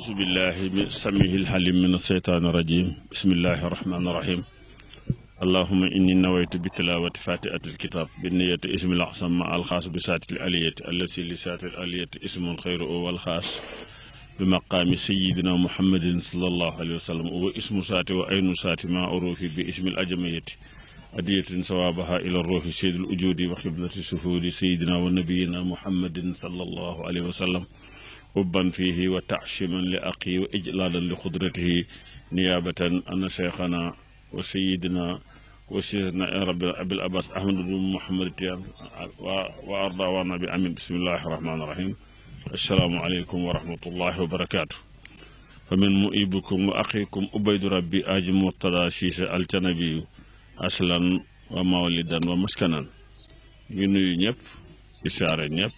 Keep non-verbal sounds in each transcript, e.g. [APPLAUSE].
أعوذ بالله من السميع العليم من الشيطان الرجيم بسم الله الرحمن الرحيم اللهم إني نويت بتلاوة فاتحة الكتاب بنية اسم الأعظم مع الخاص بسات الألية التي لسات الألية اسم خير والخاص بمقام سيدنا محمد صلى الله عليه وسلم واسم سات وعين سات ما أروفي باسم الأجمية أدية صوابها إلى الروح سيد الأجود وقبلة السهود سيدنا ونبينا محمد صلى الله عليه وسلم ubban fiihi wa taxsiman li aqi wa ijlaalan li xudratihi niyaabatan ana cheikhana wa sayidina wa sayidina rabbi abil abbas ahmad bin muhammad tiyaan wa arda wa nabi amin bismillahi rahmaani rahim assalaamu aleykum wa rahmatullahi wa barakaatu fa min muibukum wa aqikum ubaydu rabbi aji murtada siise aljanabiyu aslan wa mawlidan wa maskanan ngi nuyu ñëpp isaare ñëpp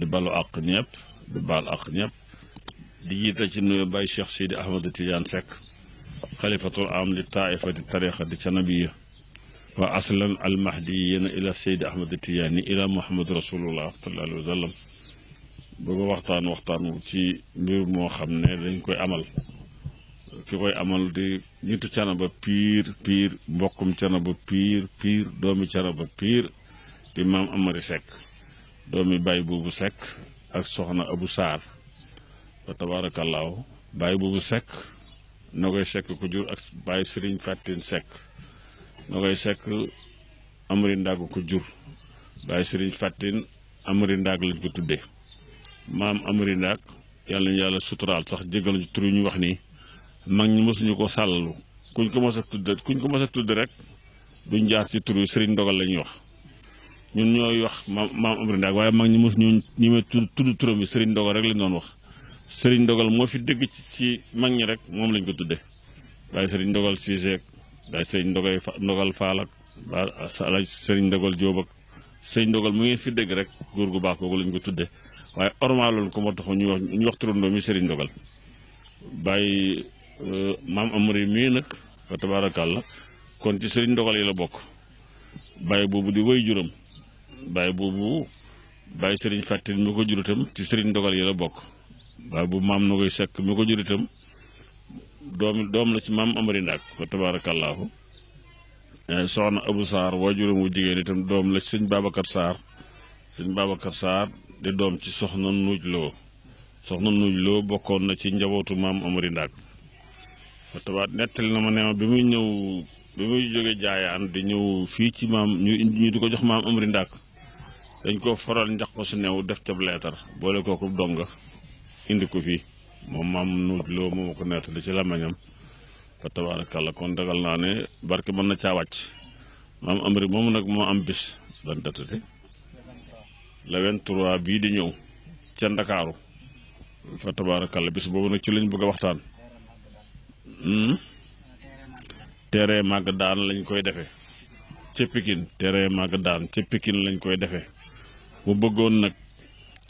di balu àq ñëpp di baal ak ñëpp di jiital ci nuyu Baye Cheikh Sidi Ahmed Tidiane Seck xalifatul am li taaifati tariqa di canabiya wa aslan al mahdiyina ila Seydi Ahmed Tidiane ila Muhammad rasulullah sallallahu alayhi waxtaan waxtaan ci mbir moo xam ne dañ koy amal ki koy amal di nitu canaba piir piir mbokkum canaba piir piir doomi canaba piir di maam Amari Seck doomi Baye boobu Seck ak soxna abu saar fa tabaarakallaahu bàyyi bubu sekk nogay sekk ku jur ak bàyyi sëriñ fàttin sekk nogay sekk amari ndaag ko jur bàyyi sëriñ fàttin amari ndaag lañ ko tuddee maam amari ndaag yàlla ñu yàlla suturaal sax jégal ñu tur ñu wax nii mag ñu mosuñu ko sàllalu kuñ ko mos a tudd kuñ ko mos a tudd rek duñ jaar ci tur yi sëriñ ndogal la ñuy wax ñun ñooy wax maam maam Amary Ndaak waaye mag ñi mos ñu ñi may tudd turam bi Serigne Ndogal rek lañ doon wax sëriñ Ndogal moo fi dëgg ci ci mag ñi rek moom lañ ko tudde daay Serigne Ndogal Cissé daay Ndogal Ndogal Fall ak daay Serigne Ndogal Diop mu ngi fi dëgg rek góor gu baax kooku lañ ko tudde waaye ormaaloon ko moo tax ñu wax ñu wax turandoo mi Serigne Ndogal bàyyi euh, maam Amary mii nag fa tabaarakàlla kon ci sëriñ Ndogal yi la bokk bàyyi boobu di wéy juróom. baay boobu baay sëriñ fàttin mi ko jur itam ci sëriñ ndogal yi la bokk baay boobu maam na koy sekk mi ko jur itam doom doom la ci maam amari ndaak fa tabaarakallaahu eh, soxna abu saar waajuram wu la ci sëñ babacar saar sëñ babacar di doom ci soxna nuuj loo soxna nuuj loo bokkoon na ci njabootu maam amari ndaak fa tabaat nettali na ma ne ma bi muy ñëw bi muy jóge jaayaan di ñëw fii ci maam ñu ñu di ko jox maam amari ndaak dañ ko faral njax ko su new def ca leetar boole kooku doom nga indi ko fii moom maam nuut loo moom ko nettali ci lamañam fa tabaarakàlla kon dagal naa ne barke mën na caa wàcc maam amri moomu nag moo am bis dan datati le bii di ñëw ca ndakaaru fa tabaarakàlla bis boobu nag ci lañu bëgg a waxtaan hmm? terrain Maguette Dane lañ koy defe ca Pikine terrain Maguette Dane ca Pikine lañ koy defee mu bëggoon nag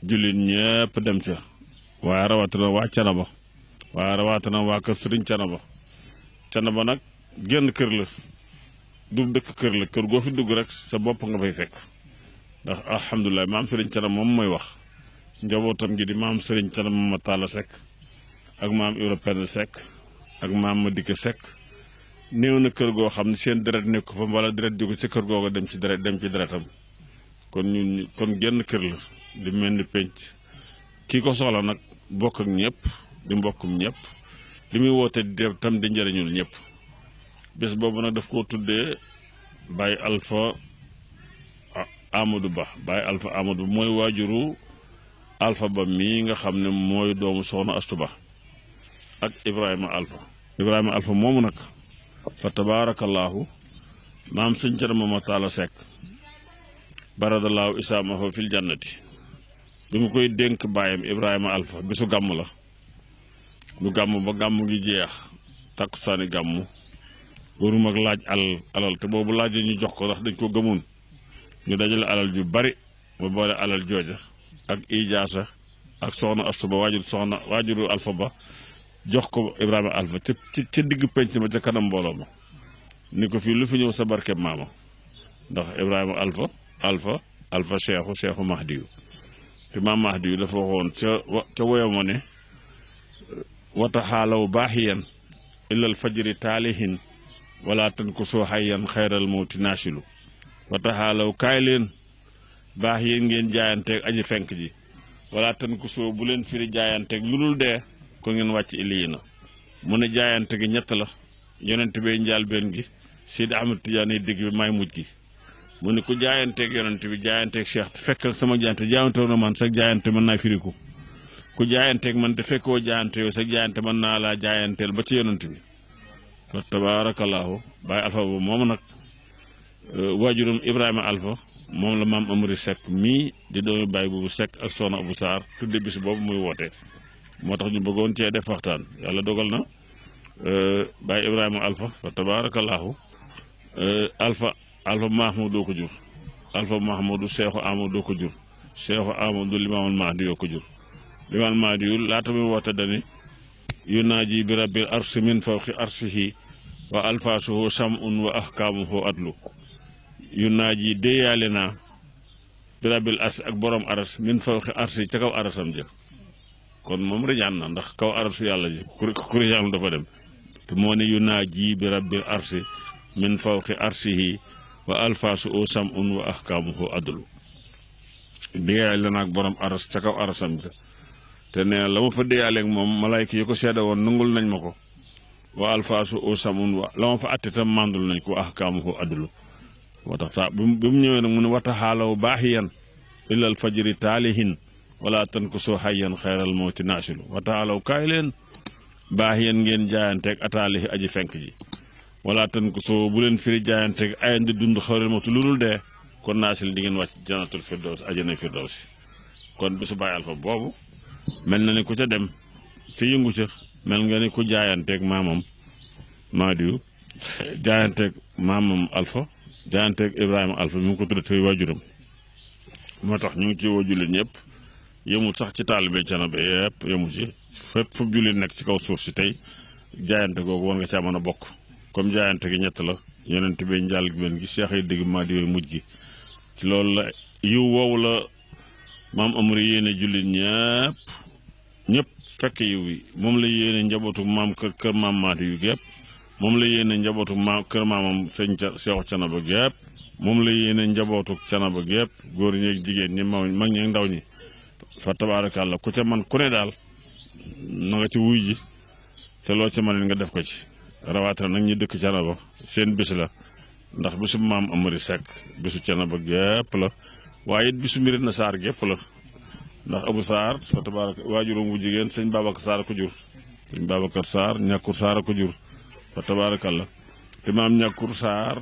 jullit ñëpp dem ca waaye rawatina waa Canaba waaye rawatina waa kër Sëriñ Canaba Canaba nag génn kër la du dëkk kër la kër goo fi dugg rek sa bopp nga fay fekk ndax alhamdulilah maam Sëriñ Canaba moom mooy wax njabootam gi di maam Sëriñ Canaba ma Talla Seck ak maam européenne sekk ak maam Madick Seck néew na kër goo xam ne seen deret nekk fa wala deret jóge ca kër googa dem ci deret dem ci deretam kon ñun kon genn kër la di mel ni penc kii ko soxla nag bokk ak ñëpp di mbokkum ñëpp li muy woote di def tam di njëriñul ñëpp bés boobu nag daf koo tuddee Baye Alpha amadu Ba Baye Alpha Amadou Ba mooy waajuru Alpha Ba mii nga xam ne mooy doomu Soxna Astu Ba ak Ibrahima Alpha Ibrahima Alpha moomu nag fa tabaarakallaahu maam sëñ Cerno Momar Talla Seck baradalaaw isaamahu fil jannati bi mu koy dénk baayam Ibrahima Alpha bisu gàmm la lu gàmm ba gàmm gi jeex takkusaani gàmm warum ak laaj alal alal te boobu laaj ñu jox ko ndax dañ ko gëmoon ñu dajale alal yu bari ba boole alal jooja ak ijaasa ak soxna astu ba waajur soxna alfa ba jox ko Ibrahima Alpha ca ca digg penc ma ca kanam mbooloo ma ni ko fii lu fi ñëw sa barkeb maama ndax Ibrahima Alpha alfa alfa cheikhu cheikhu mahdiyu te maam mahdiyu dafa waxoon ca ca woyama ne wata xaalaw baaxiyan ilal fajri taalihin wala tan ko soo xayyan xayral mawti naasilu wata xaalaw kaay leen baax yéen ngeen jaayanteeg aji fenk ji wala tan ko soo bu leen firi jaayanteeg lu dul dee ko ngeen wàcc illiyi na mu ne jaayante gi ñett la yonent bay njaal benn gi Seydi Ahmad Tijaani digg bi may mujj gi mu ne ko jaayanteeg yonent bi jaayanteeg cheikh fekk sama jaayante jaayante na man sax jaayante mën naa firiku ku jaayanteeg man te fekkoo jaayante yow sax jaayante mën naa laa jaayanteel ba ci yonent bi wa tabaarakallaahu baay alfa boobu moom nag euh, waajuram ibrahima alfa moom la maam amari sekk mii di doomi baay boobu sekk ak soxna abu saar tudde bis boobu muy woote moo tax ñu bëggoon cee def waxtaan dogal na euh, baay ibrahima alfa Alpha Mahmoudou ko jur Alpha Mahmoudou Cheikhu Amadou ko jur Cheikhu Amadou Limaamul Mahdi yoo ko jur Limaamul Mahdi yu laata muy woote dani yunaaji bi rabbil bi rabbil arsi ak borom aras min fawqi arsi ca kaw arasam jëf kon moom riñaan na ndax kaw arasu yàlla ji ku riñaan dafa dem moo ne yunaaji bi rabbil arsi min fawqi arsihi wa alfaasu oo sam un wa ahkaamuhu adlu bi nga la naag borom aras ca kaw arasam sa te nee la ma fa déeyaaleeg moom malayka yi ko seede woon nangul nañ ma ko wa alfaasu oo sam un wa la ma fa atte tam mandul nañ ko wa ahkaamuhu adlu moo tax taa bi mu ñëwee nag mu ne wata xaalaw baaxiyan illal fajri taalihin wala tan ko soo xayyan xeeral moo ci naasilu wata xaalaw kaay leen baaxiyan ngeen jaayanteeg ataalihi aji fenk ji wala tan ko so bu leen firi jaayante ayande dund xawrel matu lu kon naa si di ngeen wàcc janatul firdaws ajana firdaws kon bisu bàyyi alfa boobu na ni ku ca dem ci yëngu ca mel nga ni ku jaayanteeg maamam Maadiyu jaayanteeg maamam alfa jaayanteeg Ibrahima alfa ko tudde fay waajuram moo tax ñu ngi ci woo jullit ñëpp sax ci taalibe canaba yëpp yëmul ci fépp fu nekk ci kaw suuf si tey jaayante googu war nga caa bokk comme jaayante gi ñett la yonent bi njaal gi benn gi seex yi dégg maa yooyu mujj gi loolu la yiw woowu la maam amari yéene jullit ñëpp ñëpp fekk yiw yi moom la yéene njabootu maam kër maam maati yu gépp moom la yéene njabootu maam sëñ seexu canaba gépp moom la yéene njabootu canaba gépp góor ñeeg jigéen ñi maw mag ñeeg ndaw ñi fa tabaarakàlla ku ca man ku ne daal na nga ci wuy ji te loo ca man nga def ko ci rawatina nag ñi dëkk Thiénaba seen bis la ndax bisu maam Amary Seck bisu Thiénaba gépp la waaye it bisu Médina Sarr gépp la ndax abu saar fa tabaraka waajuram bu jigéen sëñ Babacar Sarr ko jur sëñ Babacar Sarr ñàkkur Sarr ko jur fa tabarakallah te maam ñàkkur Sarr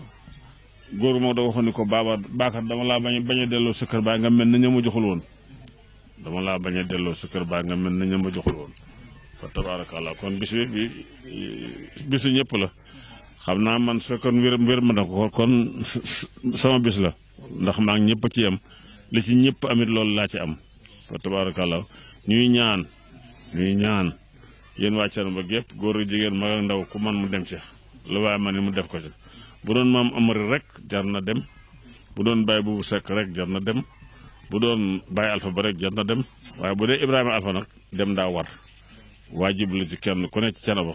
góor moo da waxoon ni ko baaba baakar dama laa bañ bañ delloo sa kër baa nga mel na ña ma joxul woon dama laa bañ a delloo sa kër baa nga mel na ña ma joxul woon fa tabaarakallah kon bi bi bisu ñëpp la xam naa man su fekkoon wér wér ma na ko kon sama bis la ndax maa ngi ñëpp ci yem li ci ñëpp amit loolu laa ci am fa ñuy ñaan ñuy ñaan yéen waa Thiénaba gépp góor ak jigéen mag ak ndaw ku man mu dem ca lu waaye man ni mu def ko ci bu doon maam amari rek jar na dem bu doon bàyyi buubu sekk rek jar na dem bu doon bàyyi alfa ba rek jar na dem waaye bu dee Ibrahima alfa nag dem daa war waajib la ci kenn ku ne ci canaba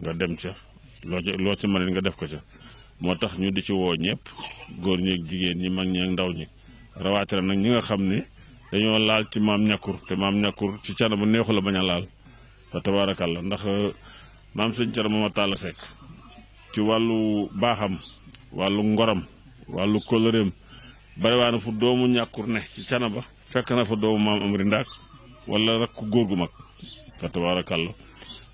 nga dem ca loo ca loo ci mën nga def ko ca moo tax ñu di ci woo ñëpp góor ñi ak jigéen ñi mag ñi ak ndaw ñi rawatina nag ñi nga xam ne dañoo laal ci maam ñakkur te maam ñakkur ci canaba neexu la bañ a laal fa tabaarakàlla ndax maam sëñ canaba ma tàll sekk ci wàllu baaxam wàllu ngoram wàllu kóllëreem bariwaana fu doomu ñàkkur ne ci canaba fekk na fa doomu maam Amary Ndaak wala rakk góor gu mag fa tabaarakàlla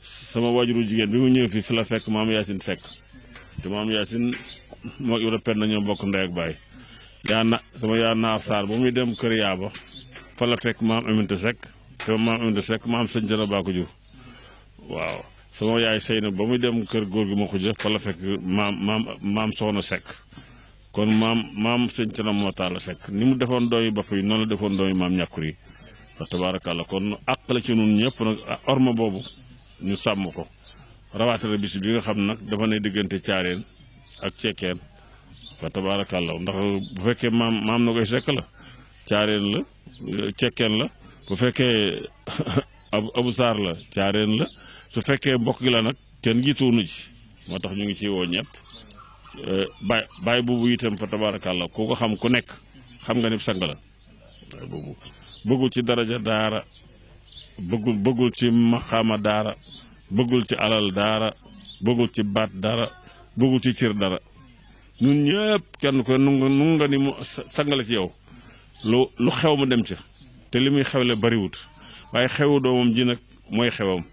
sama waajuru jigéen bi mu ñëw fii fi la fekk maam Yacine Seck te maam Yacine moo Ibra Pène nañoo bokk ndey ak baay yaa naar Sarr ba muy dem kër yaaba fa la fekk maam Aminta Seck te maam Aminta Seck maam sëñ Jara baa ko jur waaw sama yaay sëy na fa la fekk maam maam maam Soxna Seck kon maam maam sëñ Jara moo taal la sekk ni mu defoon dooyu bopp yi noonu la defoon dooyu maam ñàkkur fa tabaarakàlla kon àq la ci nun ñëpp nag orma boobu ñu sàmm ko rawaatale bis nga xam nag dafa ne diggante caareen ak cekkeen fa tabaarakàlla ndax bu fekkee maam maam na koy sekk la caareen la cekkeen la bu fekkee [LAUGHS] abu saar la caareen la su fekkee mbokk gi la nag kenn jiituwunu ci moo tax ñu ngi ci woo ñëpp eh, baay baay boobu itam fa tabaarakàlla ku ko xam ku nekk xam nga ni sang la bëggul ci daraja daara bëggul bëggul ci maxaama daara bëggul ci alal daara bëggul ci baat dara bëggul ci cir dara ñun ñëpp kenn ko nu nga ni mu sangale ci yow lu lu xew mu dem ca te li muy xewle bariwut waaye xewu doomam ji nag mooy xewam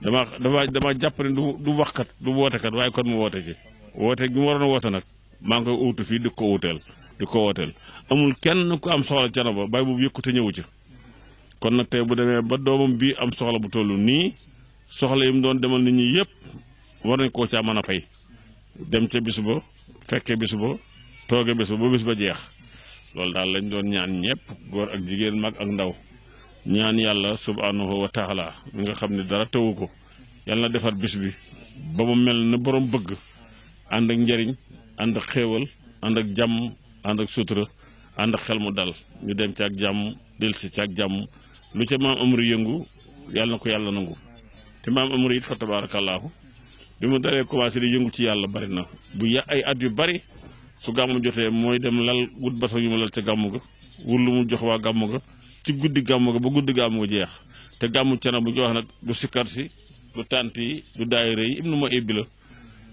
dama dama dama jàpp ne du du waxkat du woote kat waaye kon mu woote ci woote gi mu waroon a woote nag maa ngi koy uutu fii di ko uuteel di ko wooteel amul kenn ku am soxla canaba bàyyi boobu yëkkute ñëwu ca kon nag tey bu demee ba doomam bii am soxla bu toll nii soxla yi mu doon demal nit ñi yëpp war koo caa mën dem ca bis ba fekke bis ba tooge ba jeex loolu daal lañ doon ñaan ñëpp góor ak jigéen mag ak ndaw ñaan yàlla subhanahu wa taala mi nga xam ne dara tawu ko yàlla na defar bis bi ba mu mel na borom bëgg ànd ak njariñ ànd ak xéewal ànd ak jàmm ànd ak sutura ànd ak xel mu dal ñu dem ci ak jàmm dellusi ci ak jàmm lu ca maam amari yëngu yàlla na ko yàlla nangu te maam amari it fa tabaarakallaahu bi mu dalee commencé di yëngu ci yàlla bari na bu ya ay at yu bari su gàmmu jotee mooy dem lal wut basan yu ma lal ca gàmmu ga wut lu mu jox waa gàmmu ga ci guddi gàmmu ga ba guddi gàmmu ga jeex te gàmmu cana bu ñu nag du sikkar si du tànt yi du daayira yi ibnu ma ibbi la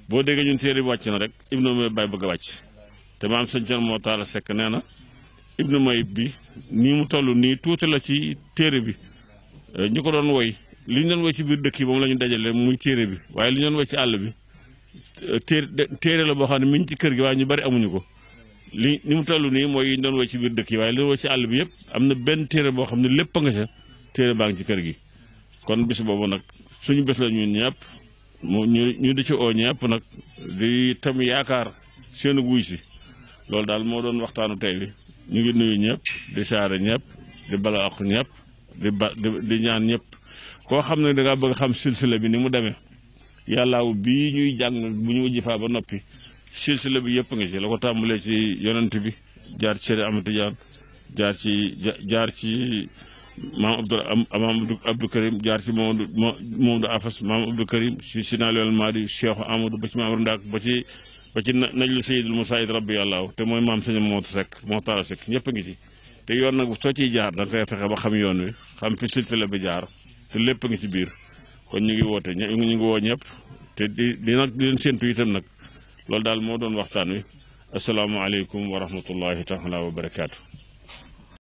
boo déggee ñun séeréer bi wàcc na rek ibnu ma bay bëgg a te maam sëñ Thierno moo taala sekk nee na ibnu mayib bi nii mu toll nii tuuti la ci téere bi euh, ñu ko doon woy li ñu doon woy ci biir dëkk yi moom la ñu muy téere bi waaye li ñu doon ci àll bi euh, téere la boo xam ne mi ci kër gi waaye ñu bari amuñu ko li ni mu toll nii mooy yi ñu doon woy ci biir dëkk yi waaye li doon woy ci àll bi yëpp am na benn téere boo xam ne lépp nga ca téere baa ci kër gi kon bis boobu nag suñu bés la ñun ñëpp mu ñu ñu di ci oo ñëpp nag di tam yaakaar seen wuy si loolu daal moo doon waxtaanu tey bi ñu ngi nuyu ñëpp di saare ñëpp di bala ak ñëpp di ñaan ñëpp koo xam ne dangaa bëgg xam silsile bi ni mu demee yàllaaw bi ñuy jàng bu ñu wujji faa ba noppi silsila bi yëpp ngi ci la ko tàmbalee ci yonent bi jaar ci Sëriñ Ahmadu Tijaan jaar ci jaar ci maam Abdoul maam Abdou Karim jaar ci Mamadou Mamadou Afas maam Abdou Karim si Sinaa Lel Maadi Cheikh Amadou ba ci Mamadou Ndak ba ci ba ci najlu sayidul musaid rabbi yàllaaw te mooy maam sëñ moo sekk moo taala sekk ñëpp ngi ci te yoon nag soo ciy jaar da ngay fexe ba xam yoon wi xam fi silsila bi jaar te lépp a ngi ci biir kon ñu ngi woote ñu ngi woo ñëpp te di di nag di leen séentu itam nag loolu daal moo doon waxtaan wi asalaamaaleykum wa rahmatullahi taala wa barakaatu